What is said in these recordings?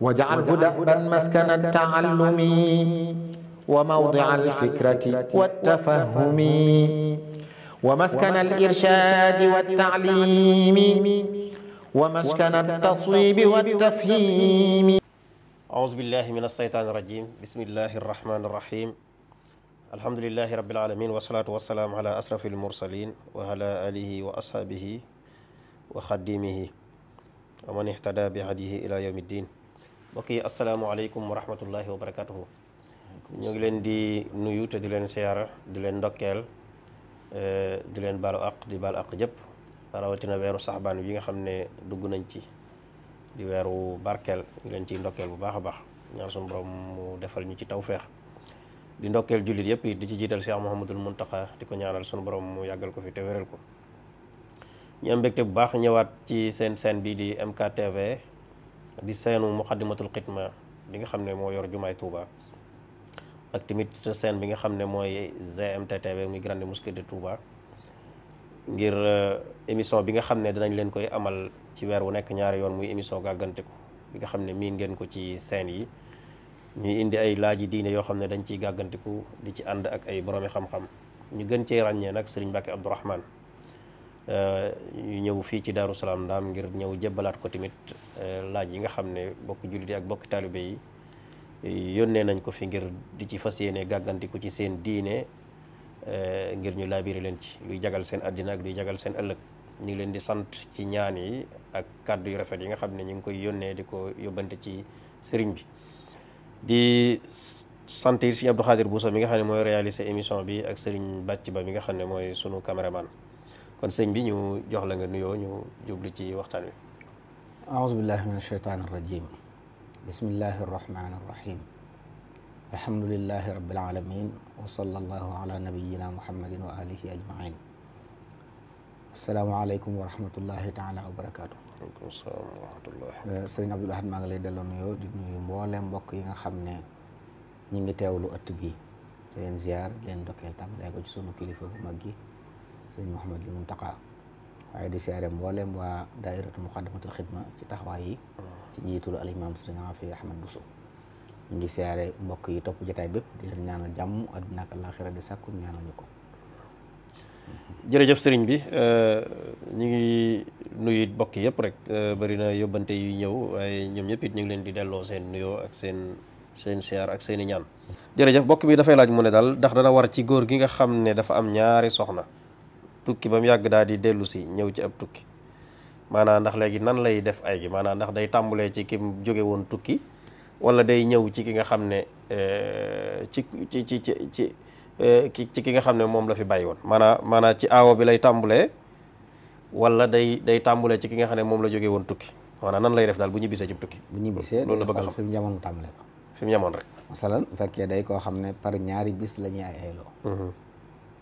واجعله دأبا مسكن التعلم وموضع الفكرة والتفهم ومسكن الإرشاد والتعليم ومسكن التصويب والتفهيم أعوذ بالله من الشيطان الرجيم بسم الله الرحمن الرحيم الحمد لله رب العالمين والصلاة والسلام على أشرف المرسلين وعلى آله وأصحابه وخديمه ومن اهتدى بهديه إلى يوم الدين mbokk yi asalaamaaleykum wa rahmatullahi wa barakatuhu ñu ngi leen di nuyu te di leen siyaara di leen ndokkeel eh, di leen baalu àq di baalu àq jëpp rawatina weeru saxbaan yi nga xam ne dugg nañ ci di weeru barkeel ñu leen ciy ndokkeel bu baax a baax ñaan suñu borom mu defal ñu ci tawféex di ndokkeel jullit yëpp di ci jiital Cheikh Mouhamadul Mountakha di ko ñaanal sunu borom mu yàggal ko fi te wéral ko ñu am mbégte bu baax ñëwaat ci seen scène bii di MKTV di seenu muqaddimatul xidma bi nga xam ne moo yor jumaay Touba ak tamit seen bi nga xam ne mooy GMTTV muy grande mosquée de Touba ngir euh, émission bi nga xam ne dinañ leen koy amal ci weer wu nekk ñaari yoon muy émission gàgganteku bi nga xam ne miin ngeen ko ci seen yi ñuy indi ay laaj laaji diine yoo xam ne dañ ciy gàgganteku di ci ànd ak ay boroomi xam-xam ñu gën cee ràññee nag Serigne Mbacke Abdourahmane Euh, ñu ñëw fii ci Daaru Salaam ndaam ngir ñëw jébbalaat ko tamit euh, laaj yi nga xam ne bokk jullit yi ak bokki taalibe yi yónnee nañ ko fi ngir di ci fas yéene gàggantiku ci seen diine euh, ngir ñu laabiri leen ci luy jagal seen àddina ak luy jagal seen ëllëg ñu ngi leen di sant ci ñaan yi ak kàddu yu rafet yi nga xam ne ñu ngi koy yónnee di ko yóbbante ci sëriñ bi di sant yi Sëriñ Abdou Khadir Bousso mi nga xam ne mooy réaliser émission bi ak sëriñ bàcc ba mi nga xam ne mooy sunu caméraman kon sëñ bi ñu jox la nga nuyoo ñu jublu ci waxtaan wi aousubillah min alcheytaan arrajim bismillahi arrahmani arrahim alhamdulilahi rabbil alamin wa sallallahu ala nabiyina muhammadin wa alihi ajmain asalaamaaleykum wa rahmatullahi taala wa barakaatu aleykum salaam maa ngi lay delloo nuyoo di nuyu mboole mbokk yi nga xam ne ñi ngi teewlu ëtt bi te leen ziar leen ci sunu kilifa gu mag gi sëñ Mouhamadul Muntaqa waaye di siyaare mboolem waa daairatu muqaddamatul xidma ci taxawaay yi ci njiitul al imam sëñ Afi Ahmad ngi siyaare mbokk yi topp jotaay bépp di leen ñaanal jàmm ak àllaaxira di sàkku ñaanal ñu sëriñ bi euh, ñu ngi nuyu bokk yëpp rek euh, bari na yóbbante ñëw waaye ñoom ñëpp ñu ngi leen di delloo seen nuyoo ak seen seen siyaar ak seen i ñaan jërëjëf bokk bi dafay laaj mu ne daal ndax dana war ci góor gi nga xam ne dafa am ñaari soxna tukki ba mu yàgg daal di dellu si ñëw ci ab tukki maanaa ndax léegi nan lay def ay gi maanaa ndax day tàmbulee ci ki mu jóge woon tukki wala day ñëw ci ki nga xam ne eh, ci ci ci ci eh, ci ki nga xam ne moom la fi bàyyi woon maanaa maanaam ci aawo bi lay tàmbulee wala day day tàmbulee ci ki nga xam ne moom la jóge woon tukki maanaam nan lay def daal bu ñu bisee ci tukki. bu ñu bisee loolu la bëgg a xam fi mu yemoon tàmbalee ko. fi mu yemoon rek. masalan bu fekkee day koo xam ne par ñaari bis la ñuy ayeloo. Mhm.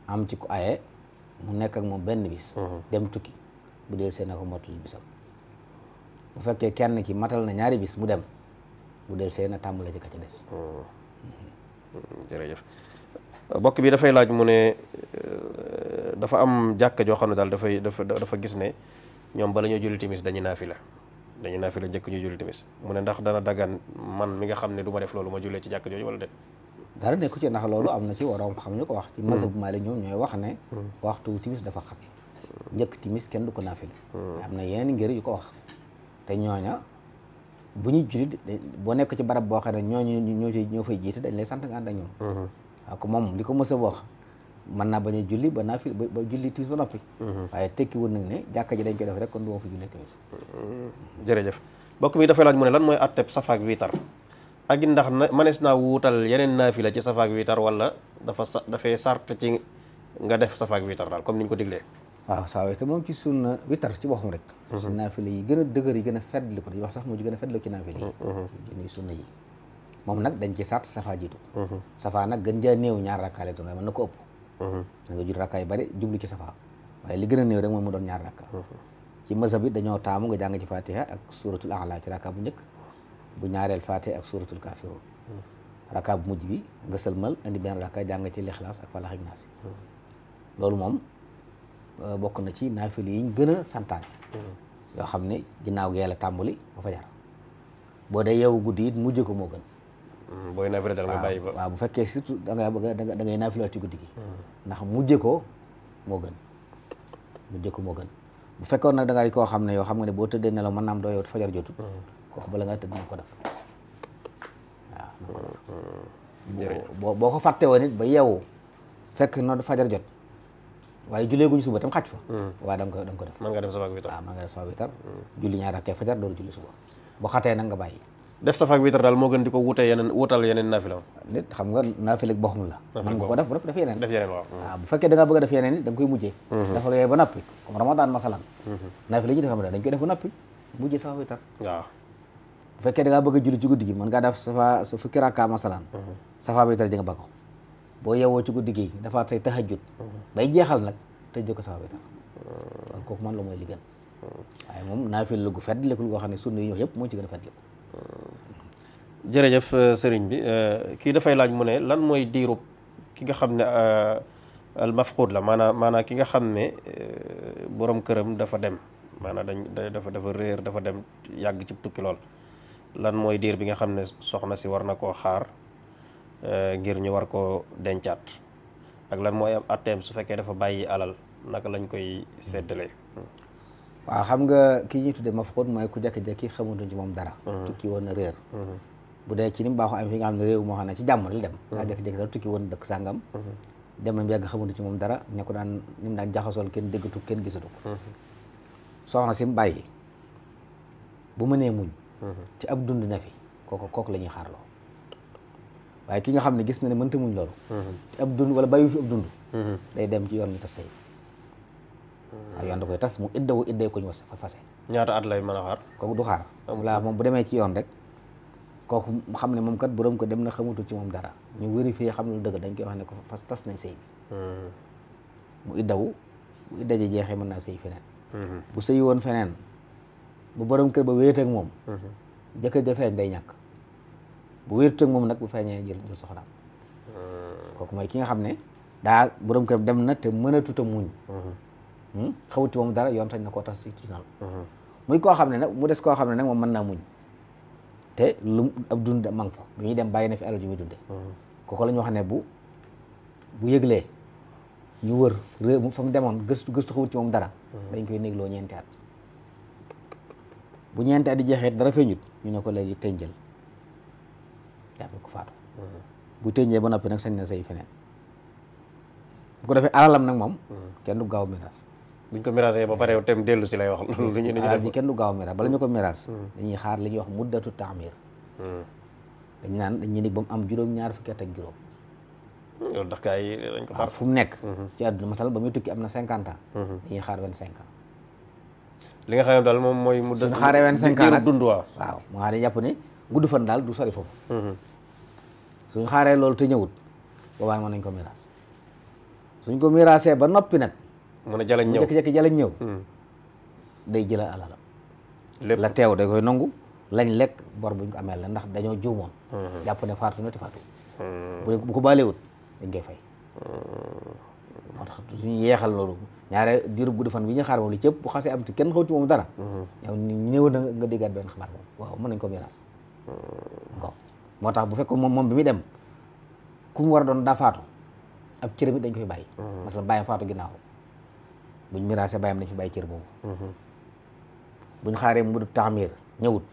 am ci ku aye. mu nekk ak moom benn bis. Mhm. dem tukki bu dee see na ko mottali bisam. bu fekkee kenn ki matal na ñaari bis mu dem bu dee see na tàmbale ci ka ca des. Mhm. Mhm, jërëjëf mbokk bi dafay laaj mu ne euh, dafa am jàkka joo xam ne daal dafay dafa dafa gis ne ñoom bala ñoo julli timis la naafila dañuy la njëkk ñu julli timis mu ne ndax dana dagan man mi nga xam ne du ma def loolu ma jullee ci jàkk jooju wala de daal nekku ci ndax loolu am na ci waroom xam ñu ko wax ci hmm. mazhab Maalik ñoom ñooy wax ne hmm. waxtu timis dafa xat hmm. njëkk timis kenn du ko naafil am na yeneen ngër yu ko wax te ñooña bu ñuy jullit boo nekk ci barab boo xam ne ñooñu ñoo ci ñoo fay jiite dañ lay sant nga ànd ak ñoom moom li ko mës a wax mën naa bañ a julli ba naafil ba julli timis ba noppi waaye tekki woon nag ne jàkka ji dañ koy def rek kon du woo fa julli timis jërëjëf mbokk mi dafay laaj mu ne lan mooy atteb safaak wiitar ak ndax na manees naa wuutal yeneen naafila ci safaak witar wala dafa sa dafay sart ci nga def safaak witar daal comme niñ ko diglee waaw saa weesu moom ci sunna witar ci boppam rek suñ mhm. naafila yi gën a dëgër yi gën a feddli ko dañuy wax sax mu gën a feddli ci naafila yi ñuy mhm, mhm. moom nag dañ ci sart safa jiitu safa gën jaa néew ñaar rakkaa lay na ko ëpp na nga jul rakkaa yu bari jublu ci safa waaye li gën a néew rek moom mu doon ñaar rakka ci mazhab bi dañoo taamu nga jàng ci fatiha ak suratul a'la ci rakka bu njëkk bu ñaareel Fatiha ak suratul kafirun raka bu mujj bi nga sëlmal indi benn raka jàng ci lixlaas ak falax ak naas loolu moom euh, bokk na ci naafil yi ñu gën a santaane yoo xam ne ginnaaw gi yàlla tàmbali ba fa jar boo dee yeewu guddi it ko moo gën hmm, booy naafila dal bu fekkee surtout da ngay bëgg da ngay naafilaat ci guddi gi hmm. ndax mujje ko moo gën mujje nag da koo xam ne yoo xam nga ne boo tëddee nelaw mën naam doo yow fajar jotul hmm. kooku bala ngaa tëdd na ko def waaw mm-hmm. boo boo ko fàtte woon ba yeewu fekk noonu fajar jot waaye jullee guñu suba tam xaj fa mm-hmm. waaye da nga ko da ko def mën nga def safaak witar waaw mën mm-hmm. bu xatee nag nga bàyyi def safaak witar moo gën di ko wutee yeneen wutal yeneen naafila nit xam nga naafila boppam la mën nga ko def ba noppi def yeneen def yeneen waaw waaw bu fekkee a da nga koy mujjee dafa yooyu ba noppi comme ramadan masalan naafila ji koy def ba noppi mujjee safaak witar bu fekkee da bëgg a ci guddi gi mën ngaa def safa sa fukki rakka masalaan mhm. safa bay tari di nga boo yeewoo ci guddi gi dafaat say tahajjud mhm. bay jeexal nag te jëkk safa bay tari mhm. kooku man la mooy li gën waaye moom naafil la gu feddlikul goo xam ne sunna yi ñëw yëpp moo ci gën a feddliku euh, euh, kii dafay laaj mu ne lan mooy diirub ki nga xam ne euh, al mafquud la maanaam maanaam ki nga xam ne borom këram dafa dem maanaam dañ dafa dafa réer dafa dem yàgg ci tukki lool lan mooy diir bi nga xam ne soxna si war na koo xaar euh, ngir ñu war koo dencaat ak lan mooy am atteem su fekkee dafa bàyyi alal naka lañ koy séddale waa xam nga ki ñuy tudde mafxuud mooy ku jékki-jékki xamutuñ ci moom dara mm-hmm. tukki woon na réer mm-hmm. bu dee ci ni mu baaxoo am fi nga xam ne réew moo xam ne ci jàmm la dem mm-hmm. daa jékki-jékki dara tukki woon dëkk sàngam dem nañ yàgg xamutu ci moom dara ña ko daan ni daan jaxasool kenn déggatu kenn gisatu ko soxna si mu bàyyi bu mënee muñ ci ab dund na fi kooku kooku la ñuy xaarloo waaye ki nga xam ne gis na ne mënta muñ loolu ci ab dund wala bàyyi fi ab dund day dem ci yoon ñu tas sëy waaw yoon da koy tas mu iddawu idday ko ñu was fa fase ñaata at kooku du xaar laa moom bu demee ci yoon rek kooku xam ne moom kat borom ko dem na xamutul ci moom dara ñu vérifié xam ne lu dañ koy wax ne ko fas tas nañ sëy bi hmm. mu iddawu bu iddaje jeexee mën naa sëy feneen hmm. bu sëy woon feneen bu borom kër ba wéet moom mhm. jëkkër ja feeñ day ñàkk bu wéet moom nag bu feeñee jël jël soxnaam mhm. kooku mooy ki nga xam ne daa borom kër dem na te mënatut a muñ mhm. hmm? xawuti moom dara yoon sañ na ko tas si tribunal koo xam ne nag mu des koo xam ne nag moom mën naa muñ te lu ab dund mang fa bu ñuy dem bàyyi na fi alal ju muy dunde kooku la wax ne bu bu yëglee ñu wër réew fa mu demoon gëstu gëstu xawut ci moom dara dañ koy négloo ñeenti at bu ñeenti at di jeexee dara feeñut ñu ne ko léegi tënjal jàppee ko faatu bu tënjee ba noppi nag sañ na say feneen bu ko defee alalam nag moom kenn du gaaw miraas buñ ko miraasee ba pare tam dellu si lay wax kenn du gaaw miraas bala ñu ko miraas dañuy xaar li ñuy wax muddatu taamir dañ naan dañ dañuy nekk ba mu am juróom ñaar fukki at ak juróom loolu ndax gaa fu mu nekk mhm. ci àdduna masal ba muy tukki am na cinquante ans mhm. dañuy xaar vingt cinq li nga xam ne daal moom mooy. mu dund xaaree vingt cinq ans nag dund waaw. waaw maa ngi jàpp ni gudd fan daal du sori foofu. Mm-hmm. suñ xaaree loolu te ñëwut boobaan mën nañ ko miraas suñ ko miraasee ba noppi nag. mën a jalañ ñëw mm-hmm. day jëlal alalam. lépp la teew da koy nangu lañ lekk bor buñ ko amee la ndax dañoo juumoon. Mm-hmm. jàpp ne faatu na te faatu. bu ko baalewut dañ koy fay. moo tax suñu yeexal loolu ñaare diir bu defan bi ñu xaar moom li cëpp bu xasee am te kenn xawti moom dara yow néew na nga déggaat benn xabaar moom waaw mën nañ ko miraas waaw moo tax bu fekkoon moom moom bi muy dem ku mu war a doon daa faatu ab cëram dañ ko fi bàyyi parce que bàyyam faatu ginnaaw buñ miraasee bàyyam dañ fi bàyyi cër boobu buñ xaaree mu du taamir ñëwut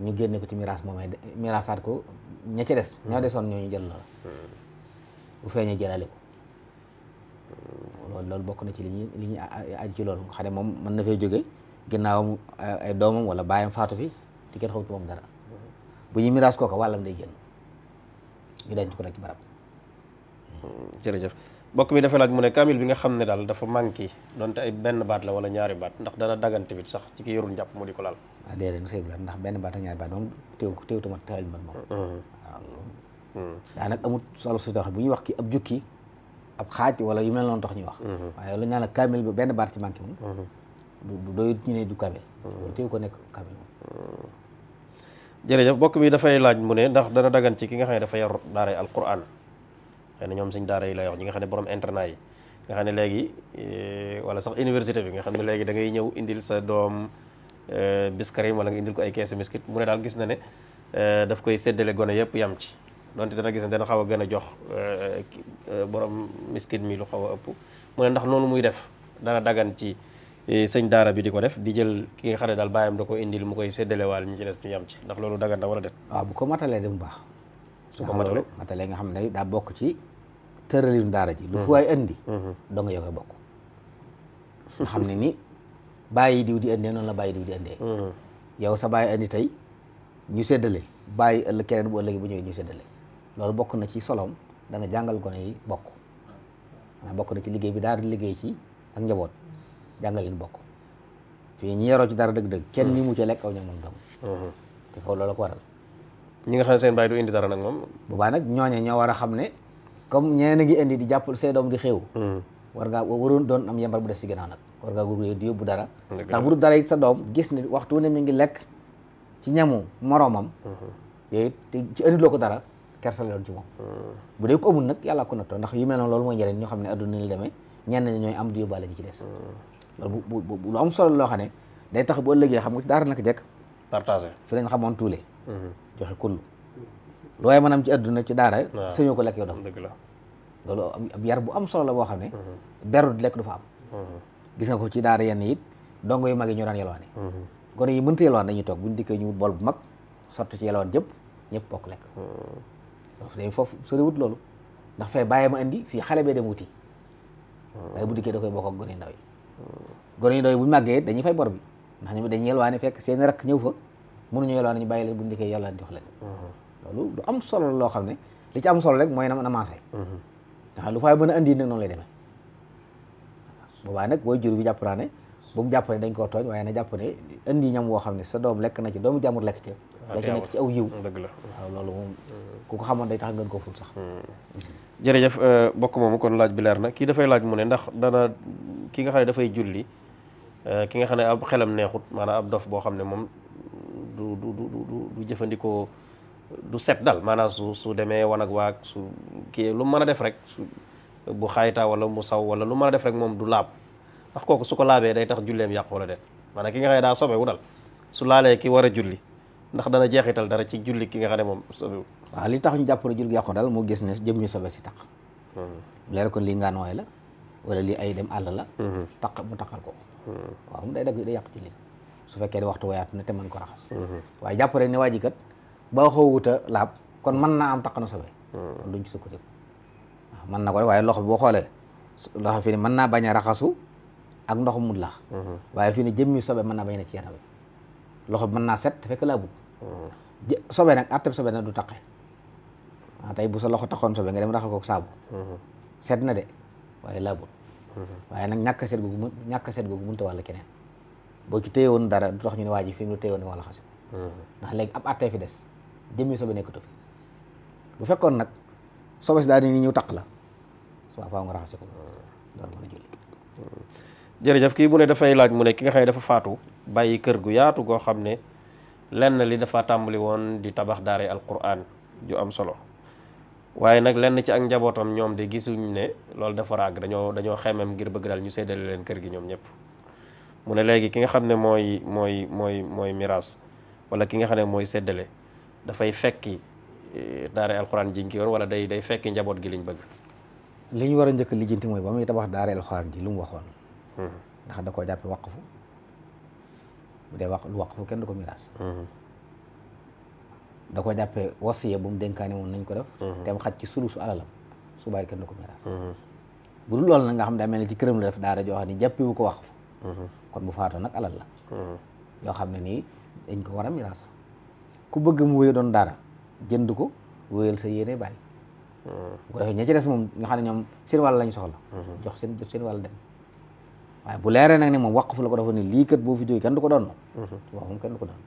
ñu génne ko ci miraas moomay miraasaat ko ña ca des ñoo desoon ñoo ñu jël la bu feeñee jëlale ko lool bokk na ci li ñuy li ñuy aj ci loolu nga xam ne moom mën na fee jóge ginnaawam eh, ay doomam wala baayam faatu fi te kenn xaw ci moom dara bu ñuy miraas kooka wàllam day ko rek ci barab. jërëjëf mbokk mi dafa mu ne kaamil bi nga xam ne daal dafa manqué donte ay benn baat la wala ñaari baat ndax dana dagan tamit sax ci ki yorul njàpp mu di ko laal. ah déedéet sëñ bi ndax benn baat ak ñaari baat moom te teew tamit teewal man moom. Mm-hmm. waaw mm-hmm. daanaka solo si tax bu ñuy wax ki ab jukki ab xaaj wala yu mel noonu tax ñuy wax mhm. waaye lu ñu naan kaamil ba benn baat ci manqué moom du doyut ñu ne du kaamil mhm. loolu téew ko nekk kaamil moom jërëjëf bokk bi dafay laaj mu ne ndax dana daggan ci ki nga xam ne dafa yar daaray alquran xëy na ñoom suñ daara yi lay wax ñi nga xam ne borom internat yi nga xam ne léegi eh, wala sax université bi nga xam ne léegi da ngay ñëw indil sa doom eh, biskarim wala nga indil ko ay keesu miskit mu ne daal gis na ne eh, daf koy séddale gone yëpp yam ci donte dana gis ne dana xaw a gën a jox euh, euh, borom miskin mi lu xaw a ëpp ndax noonu muy def dana dagan ci euh, sëñ daara bi di ko def di jël ki nga xam ne daal bàyyam da ko indil mu koy séddalewaal ñu ci des ñu yam ci ndax loolu dagan wala det waaw bu ko matalee de mu baax su ko matalee matalee nga xam ne daa bokk ci tëralinu daara ji lu fu waay indi mhm. dong yow koy bokk nga xam ne ni bàyyi diw di indee noonu la bàyyi diw di indee mhm. yow sa bàyyi indi tey ñu séddale bàyyi ëllëg keneen bu ëllëgee bu ñëwee ñu seddalee loolu bokk na ci solom dana jàngal gone yi bokk maanaam bokk na ci liggéey bi daara liggéey ci ak njaboot jàngal leen bokk fii ñi yaroo ci dara dëgg-dëgg kenn ñi mu ci lekk aw ñamam dong te foofu loolu ñi nga xam ne seen indi dara nag moom boobaa nag ñooñe ñoo war a xam ne comme ñeneen a ngi indi di jàpp say doom di xew war ngaa waroon doon am yembar bu des ci ginnaaw nag war ngaa góorgóorlu di yóbbu dara ndax bu dul dara it sa doom gis ne waxtu ne mi ngi lekk ci ñamu moroomam yooyu te ci ko dara kersa la doon ci moom hmm. bu dee ko amul nag yàlla ko nattoo ndax yu mel noonu loolu mooy njëriñ ñoo xam ne adduna ni la demee ñenn ñooy am di yóbbaale ji ci des hmm. loolu bu loo xam ne day tax bu ëllëgee xam nga ci daara naka jekk partagé fi lañ xamoon tuule hmm. joxe kull ci adduna ci daara sëñoo ko lekk yow dong loolu ab yar bu am solo la boo xam ne beru lekk du am gis ko ci daara yenn it dongo yu mag yi ñoo daan yelwaane gone yi mënta yelwaan dañuy toog buñ dikkee ñu wut bool bu mag sotti ci yelwaan jëpp ñëpp bokk lekk day foofu soriwut loolu ndax fee indi fii xale bee dem wuti waaye bu dikkee bokk ak gone ndaw yi gone bu ñu dañuy fay bor bi ndax ñoom dañuy yelwaane fekk seen rakk ñëw fa mënuñu yelwaane ñu bàyyi leen bu ñu dikkee yelwaane jox leen loolu lu am solo loo xam ne li ci am solo rek mooy na na maase ndax lu fay mën a indi nag noonu lay demee boobaa nag booy jur bi jàpp naa ne bu jàpp ne dañ koo tooñ waaye na jàpp ne indi ñam woo xam ne sa doom lekk na ci doomu jàmbur lekk ci day nekk ci aw yiw dëgg la loolu moom ku ko day tax ngeen ko ful sax hmm. jërëjëf euh, bokk moomu kon laaj bi leer na kii dafay laaj mu ne ndax dana ki nga xam ne dafay julli euh, ki nga xam ne ab xelam neexut maanaam ab dof boo xam ne moom du jëfandikoo du set dal maanaam su su demee wanag waag su kii lu mën a def rek su bu xayta wala mu saw wala lu mën a def rek moom du laab ndax kooku su ko laabee day tax julleem yàqu wala déet maanaam ki nga xam ne daa sobewu dal su laalee ki war a julli ndax dana jeexital dara ci julli ki nga xam ne moom sobewu waaw li tax ñu jàpp ne julli yàqu daal moo gis ne jëm ñu sobe si tax hmm. leer kon lii ngaan waay la wala lii ay dem àll la hmm. taq mu taqal ko hmm. waaw mu day dagg su fekkee di waxtu wayaat na te mën ko raxas waaye jàpp ne waa ji kat ba xoowuta laab kon mën naa am taq na sobe duñ ci sukkandiku waaw na ko waaye loxo boo xoolee loxo fi mën naa bañ a raxasu ak ndox mu la waaye fi ne jëmmi sobe mën naa bañ na ci yaram loxo bi mën naa set fekk laa bugg sobe nag atteb sobe nag du taqe waaw ah, tey bu sa loxo taxoon sobe nga dem raxas ko saabu mhm. set na de waaye laabut mhm. waaye nag ñàkk set googu mun ñàkk set googu mënut a wàll keneen boo ci téyewoon dara du tax ñu ne waa ji fi mu téyewoon wala xasit mhm. fi des jëmmi sobe nekkatu bu fekkoon nag sobe si daal ni ñëw taq la suba faaw nga raxasi ko door mën a julli jërëjëf kii mu ne dafay laaj mu ne ki nga xam ne dafa faatu bàyyi kër gu yaatu goo xam ne lenn li dafa tàmbali woon di tabax daaray alquran ju am solo waaye nag lenn ci ak njabootam ñoom de gisuñ ne loolu dafa ràgg dañoo dañoo xemem ngir bëgg daal ñu seddale leen kër gi ñoom ñëpp mu ne léegi ki nga xam ne mooy mooy mooy mooy miraas wala ki nga xam ne mooy seddale dafay fekki eh, daaray alquran jiñ ki woon wala day day fekki njaboot gi liñ bëgg li ñu war a njëkk lijjanti mooy ba muy tabax daaray alquran ji lu mu waxoon hmm. ndax da koo jàppe waqfu bu dee wax wax fu kenn du ko miraas mhm. da ko jàppee wasiya bu mu dénkaane woon nañ ko def mhm. te mu xaj su sulusu alalam su bàyyi kenn du ko miraas mhm. bu dul loolu nag nga xam daa mel ne ci këram la def daara joo xam ne jàppewu ko wax kon bu faatoo nag alal la yoo xam ne nii dañ ko war a miraas ku bëgg mu wéy doon daara jënd ko wéyal sa yéene bàyyi bu ko defee ña ci des moom nga xam ne ñoom seen wàll lañ soxla jox seen jox seen wàll dem waaye bu leeree nag ni moom waqf la ko dafa ne lii kat boo fi jógee kenn du ko doon moom waaw moom kenn du ko doon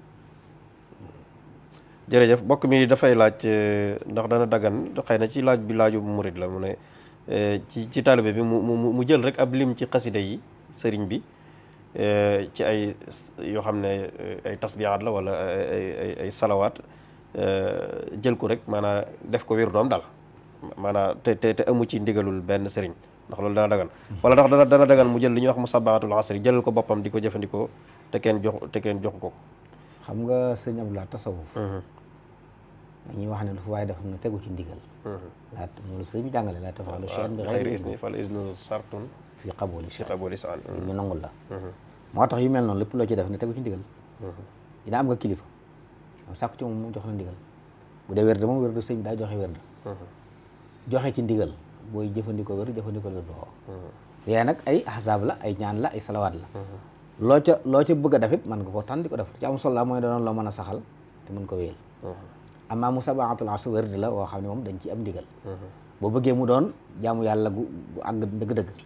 jërëjëf mbokk mi dafay laaj eh, ndax dana dagan xëy na ci laaj bi laaju murid la mu ne eh, ci ci taalibe bi mu mu jël rek ab lim ci xasida yi sëriñ bi eh, ci ay yoo xam ne ay tasbihaat la wala ay ay salawaat jël ko rek maanaam def ko wér doom daal maanaam te te te amu ci ndigalul benn sëriñ ndax loolu dana dagan wala ndax dana dana dagan mu jël li ñuy wax musabaatul asri jëlal ko boppam di ko jëfandikoo te kenn jox te kenn joxu ko xam nga sëñ Abdoulaye tasawuf mhm. dañuy wax ne lu fa waaye def na tegu ci ndigal mhm. laa moolu sëñ bi laa tafalu shay'an bi ghayri izni fal iznu sartun fi qabuli fi qabuli sa'al ñu nangul la mhm. moo tax yu mel noonu lépp loo ci def ne tegu ci ndigal dina am nga kilifa moom sàkku ci mu jox la ndigal bu dee wérde moom wérde sëñ daa joxe wérde joxe ci ndigal booy jëfandikoo wér jëfandikoo wér du hmm. yee nag ay ahzaab la ay ñaan la ay salawaat la hmm. loo ca loo ca bëgg def mën nga ko tànn di ko def ci am solo mooy danoon loo mën a saxal te mën ko wéyal hmm. amaa musabaatul asr wér di la woo xam ne moom dañ ciy am ndigal boo bëggee mu doon jaamu yàlla gu gu dëgg-dëgg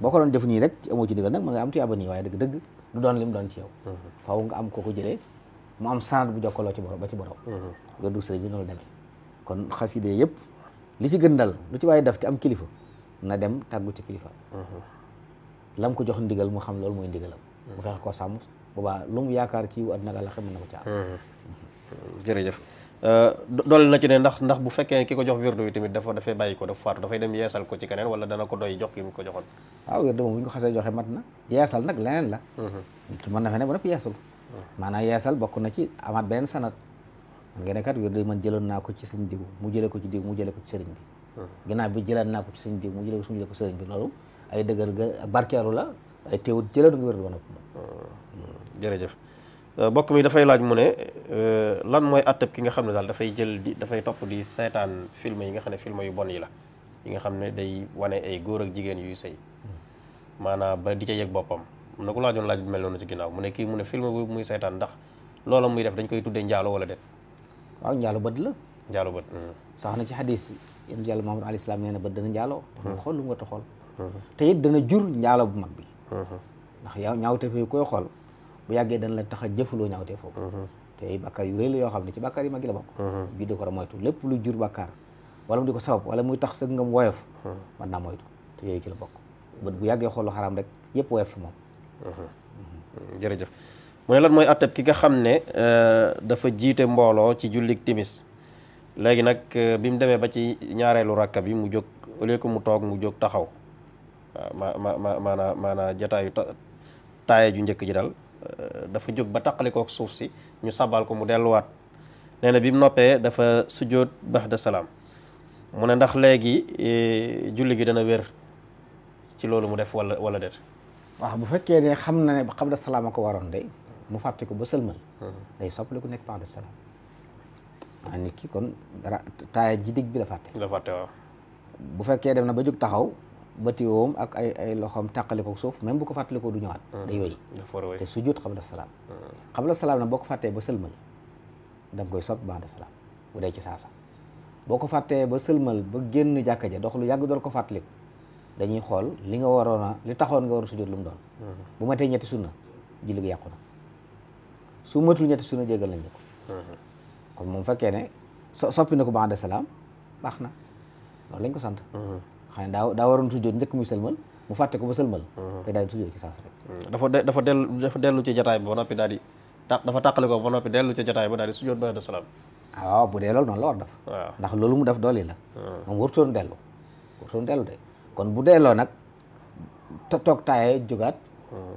boo ko doon def nii rek ci amoo ci ndigal nag mën nga am tuyaaba nii waaye dëgg-dëgg du doon lim doon ci yow faaw nga am ko jëlee mu am sanad bu jokkaloo ci borom ba ci borom wér du sëriñ bi noonu la demee kon xaside yëpp li ci gën dal lu ci waaye def ci am kilifa na dem tàggu ci kilifa mhm. lam ko jox ndigal mu xam loolu mooy ndigalam mu fexe koo sàmm boobaa yaakaar ci yiw àddina ak na ko ci mhm. jërëjëf euh, dool na ci ne ndax ndax bu fekkee ki ko jox wirdu wi tamit dafa dafay bàyyi ko dafa faatu dafay dem yeesal ko ci keneen wala dana ko doy jox ki mu ko joxoon waaw wirdu moom bu ko xasee joxe mat na yeesal nag leneen la mhm. mën na fe ne bu nag yeesul maanaam yeesal bokk na ci amaat beneen sanat nga ne kat wér day man jëloon naa ko ci sëñ diw mu jëlee ko ci diw mu jëlee ko ci sëriñ bi hmm. ginnaaw bi jëlaat naa ko ci sëñ diw mu jëlee ko suñu jëlee ko sëriñ bi loolu ay dëgër ak barkeeru la ay teewut jëloon nga wér ba hmm. jërëjëf euh, mbokk mi dafay laaj mu ne euh, lan mooy attëb ki nga xam ne daal dafay jël di dafay topp di seetaan film yi nga xam ne film yu bon yi la yi nga xam ne day wane ay góor ak jigéen yuy sëy hmm. maanaa ba di ca yëg boppam mun na ko laajoon laaj bi mel noonu ci ginnaaw mu ne kii mu ne film bu muy seetaan ndax loola muy def dañ koy tuddee njaalo wala déet waaw njaalo bët la. njaalo bët. Mm. sax na ci xadis yéen yàlla Muhammad alayhi salaam nee na bët dana njaaloo. Mm-hmm. xool lu mu war a mm-hmm. te it dana jur njaalo bu mag bi. Mm-hmm. ndax yow ñaawteef yi koy xool bu yàggee dana la tax a jëfaloo ñaawteef foofu. te ay bàkkaar yu rëy la yoo xam ne ci bàkkaar yi mag yi la bokk. bi di ko war a lu jur bàkkaar wala mu di ko sabab wala muy tax sëg ngam woyof. mën naa moytu te yooyu ki la bokk bët bu yàggee xool lu xaraam rek yëpp woyof fi moom. mu ne lan mooy atteb ki nga xam ne euh, dafa jiite mbooloo ci jullik timis léegi nag euh, bi mu demee ba ci ñaareelu rakka bi mu jóg au lieu mu toog mu jóg taxaw ma ma ma maanaa maanaa jataayu taaye ju njëkk ji dal euh, dafa jóg ba taqalikook suuf si ñu sabal ko mu delluwaat nee na bi mu noppee dafa sujjóot ba'da salaam mu ne ndax léegi e, julli gi dana wér ci loolu mu def wala wala déet waaw bu fekkee ne xam na ne ba'da salaam a ko waroon de mu fàtte ko ba sëlmal hmm. day soppali ku nekk baax de salaam maa nit ki kon ra taaya ji digg bi la fàtte la fàtte bu fekkee dem na ba jóg taxaw ba woom ak ay ay loxoom tàqaliko suuf même bu ko fàttalikoo du ñëwaat hmm. day wéy te sujud xabla salaam xabla hmm. salaam na boo ko fàttee ba sëlmal da koy sopp baax de salaam bu dee ci saasa boo ko fàttee ba sëlmal ba génn jàkka ja dox lu yàgg dool ko fàttaliku dañuy xool li nga waroon a li taxoon nga war a lu mu doon bu ma tey ñetti sunna julli gi yàqu na su matul ñetti suñu jégal lañ ko mhm. kon moom fekkee ne so soppi na ko ba'da salaam baax na loolu lañ ko sant xam mhm. ne daa daa waroon sujjoot njëkk muy sëlmal mu fàtte ko ba sëlmal daa mhm. daal di sujjoot ci saas rek dafa dafa dellu dafa dellu ci ba noppi daal di ta dafa tàqale ko ba noppi dellu ci jataay ba daal di sujjoot ba'da salaam waaw ah, bu dee loolu noonu la war def ndax loolu mu def doole la moom warutoon dellu warutoon dellu de kon bu delloo nag toog taaye jógaat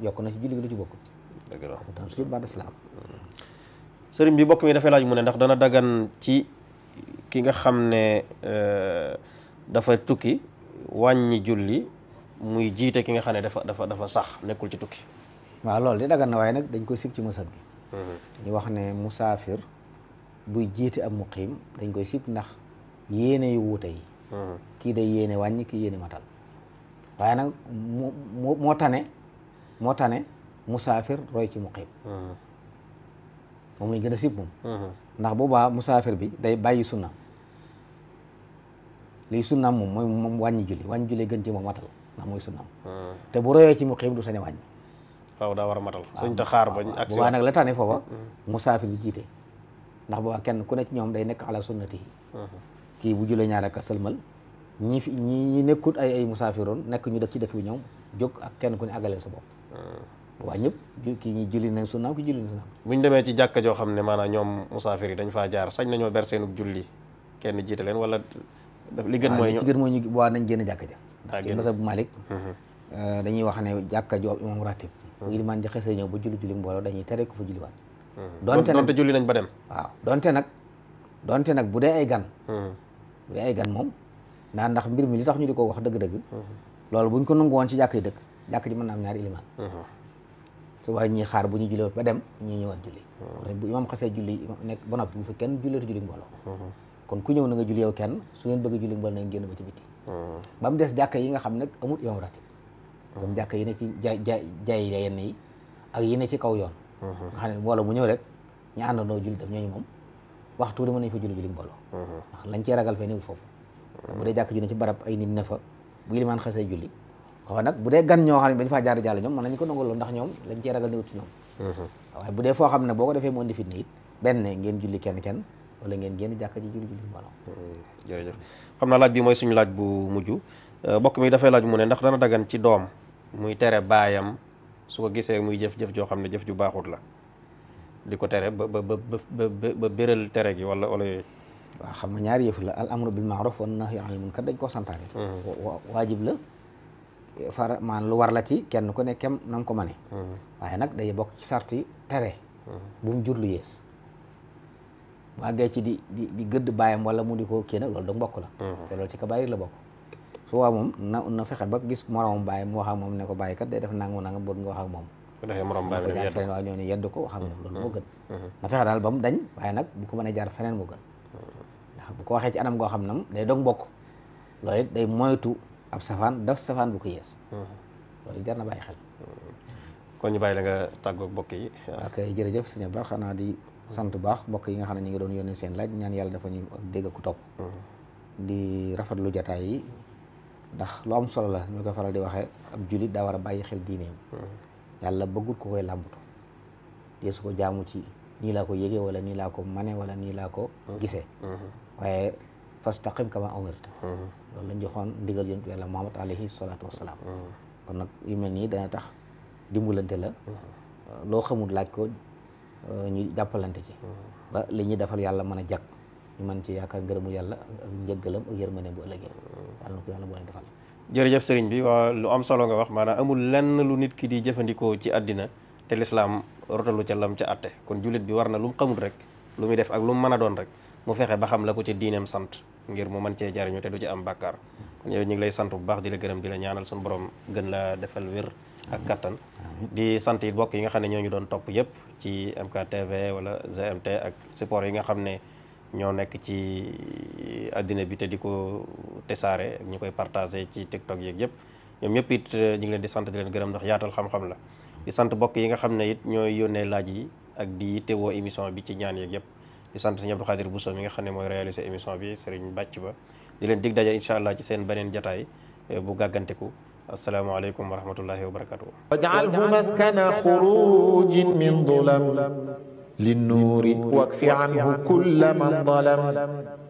yokk na ci julli gi lu ci bokkut dëgg la kon sujjoot ba'da salaam sëriñ bi bokk mi dafay laaj mu ne ndax dana dagan ci ki nga xam ne euh, dafa tukki wàññi julli muy jiite ki nga xam ne dafa dafa dafa sax nekkul ci tukki waa loolu di dagan na waaye nag dañ koy sib ci masab bi mm-hmm. ñu wax ne musaafir buy jiite ab muqiim dañ koy sib ndax yéene yu wuute yi mm-hmm. kii de yéene wàññi kii yéene matal waaye nag moo tane moo tane musaafir roy ci muqiim mm-hmm. moom lañ gën a sib moom uh-huh. ndax boobaa musaafir bi day bàyyi sunna liy sunnaam moom mooy moom wàññi julli wàññi julli gën ci moom matal ndax mooy sunnaam uh-huh. te bu royee ci mu xiim du sañ a wàññi waaw daa war a matal suñ xaar bañ ak boobaa nag la tane foofa uh-huh. musaafir bi jiite ndax boobaa kenn ku ne ci ñoom day nekk ala sunnati kii bu julee ñaar ak sëlmal ñi fi ñii ñi nekkut ay ay musaafiroon nekk ñu dëkk ci dëkk bi ñoom jóg ak kenn ku ne àggaleel sa bopp waa ñëpp kii ñi julli nañ sunnaam ki julli nañ sunnaam bu ñu demee ci jàkka joo xam ne maanaam ñoom musaafir yi dañ faa jaar sañ nañoo ber seenub julli kenn jiita leen wala li gën mooy ci gën mooy ñu waa nañ génn jàkka ja bu Malik mhm. euh, dañuy wax ne jàkka joo imam ratib bu mhm. ilimaan ji xesee ñëw ba julli julli mbooloo dañuy tere ko fa julliwaat mhm. donte nag julli nañ ba dem waaw donte nag donte nag bu dee ay gan bu dee ay gan moom naa ndax mbir mi li tax ñu di ko wax dëgg-dëgg loolu buñ ko nangu woon ci jàkk yi dëkk jàkk ji mën naa am ñaari ilimaan su waaye ñuy xaar bu ñu julliwat ba dem ñu ñëwaat julli bu imaam xasee julli nekk ba noppi bu fi kenn julleetu julli mbooloo kon ku ñëw na nga julli yow kenn su ngeen bëgg julli mbooloo na ngeen génn ba ci ba mu des jàkka yi nga xam nag amul imaam ratib comme jàkka yi ne ci jaay jaay jaay yenn yi ak yi ci kaw yoon nga xam ne mbooloo mu ñëw rek ñu àndandoo julli dem ñooñu moom waxtu di mën nañu fa julli julli mbooloo ndax lañ cee ragal fee néew foofu bu dee jàkk ju ci barab ay nit ne fa bu ilimaan xasee julli waaw bu dee gan ñoo xam ne dañu faa jaar jàll ñoom mën nañu ko nangaloo ndax ñoom lañ cee ragal néew ci mhm. bu dee foo xam ne boo ko defee mu indi fitna it benn kenn kenn wala ngeen génn jàkka ji julli julli mhm. xam naa laaj bi mooy suñu laaj bu mujj euh, bokk mi dafay laaj mu ne ndax dana daggan ci doom muy tere baayam su ko gisee muy jëf-jëf joo xam ne jëf ju baaxut la di ko tere ba ba ba ba béral tere gi wala wala yooyu waaw xam nga ñaari yëf la al amru bil maaruf wan nahyu anil munkar dañ ko santaane mhm. waajib la far maanaam lu war la kenn ku ne kem na ko mane hmm. waaye nag day bokk ci sarti tere hmm. bu mu jur lu yées bu àggee ci di di di gëdd bàyyam wala mu di ko kii nag loolu da mbokk la hmm. te loolu ci kabaayir la bokk su waa moom na na fexe ba gis moroom bàyyi mu moom ne ko bàyyi kat day def nangam nangam bëgg nga wax ak moom jaar feneen waaye ñoo ne ko wax ak moom loolu moo gën na ba mu dañ waaye nag bu ko mënee jaar feneen moo gën ndax bu anam goo xam nam day dog mbokk loolu day moytu ab safaan daf safaan bu ko yees mm-hmm. loolu jar na bàyyi xel mm-hmm. kon ñu bàyyi la nga tàggoog mbokk yi ak jërëjëf suñu bar xanaa di sant baax mbokk yi nga xam ne ñu ngi doon yónnee seen laaj ñaan yàlla dafa ñu dégg ko topp mm-hmm. di rafetlu jataay yi ndax lu am solo la ñu ko faral di waxee ab jullit daa war a bàyyi xel diineem yàlla bëggut ko koy làmbatu dee ko jaamu ci nii laa ko yëgee wala nii laa ko mane wala nii laa ko gisee waaye fastaqim kama umirta loolu lañ joxoon ndigal yonent yàlla Muhammad alayhi salaatu wasalaam kon nag yu mel nii dana tax dimbalante la euh, loo xamul laaj ko euh, ñu jàppalante ci ba li ñuy defal yàlla mën a jag ñu mën ci yaakaar ngërëmul yàlla ak njëggalam ak yërmande bu ëllëgee yàlla na ko yàlla boole defal jërëjëf sëriñ bi waa lu am solo nga wax maanaam amul lenn lu nit ki di jëfandikoo ci àddina te lislaam rotalu ca lam ca atte kon jullit bi war na lu mu rek lu muy def ak lu mu mën a doon rek mu fexe ba xam la ko ci diineem sant ngir mu mën cee jariñu te du ci am bàkkaar kon yow ñu ngi lay sant bu baax di la gërëm di la ñaanal suñu borom gën la defal wér ak kattan di sant it bokk yi nga xam ne ñoo ñu doon topp yépp ci MKTV wala GMT ak support yi nga xam ne ñoo nekk ci àddina bi te di ko tesaare ak ñu koy partagé ci TikTok yeeg yëpp ñoom ñëpp it euh, ñu ngi leen di sant di leen gërëm ndox yaatal xam-xam la di sant bokk yi nga xam ne it ñooy yónnee laaj yi ak di yittewoo émission bi ci ñaan yeeg yëpp di sant sëñ Abdou Khadir Bousso mi nga xam ne mooy réaliser émission bi sëriñ bàcc ba di leen dig daje incha allah ci seen beneen jataay eh, bu gàgganteku asalaamaaleykum wa rahmatullahi wa barakatuh waj'alhu maskana xurujin min dulam linnuuri wakfi anhu kulla man dalam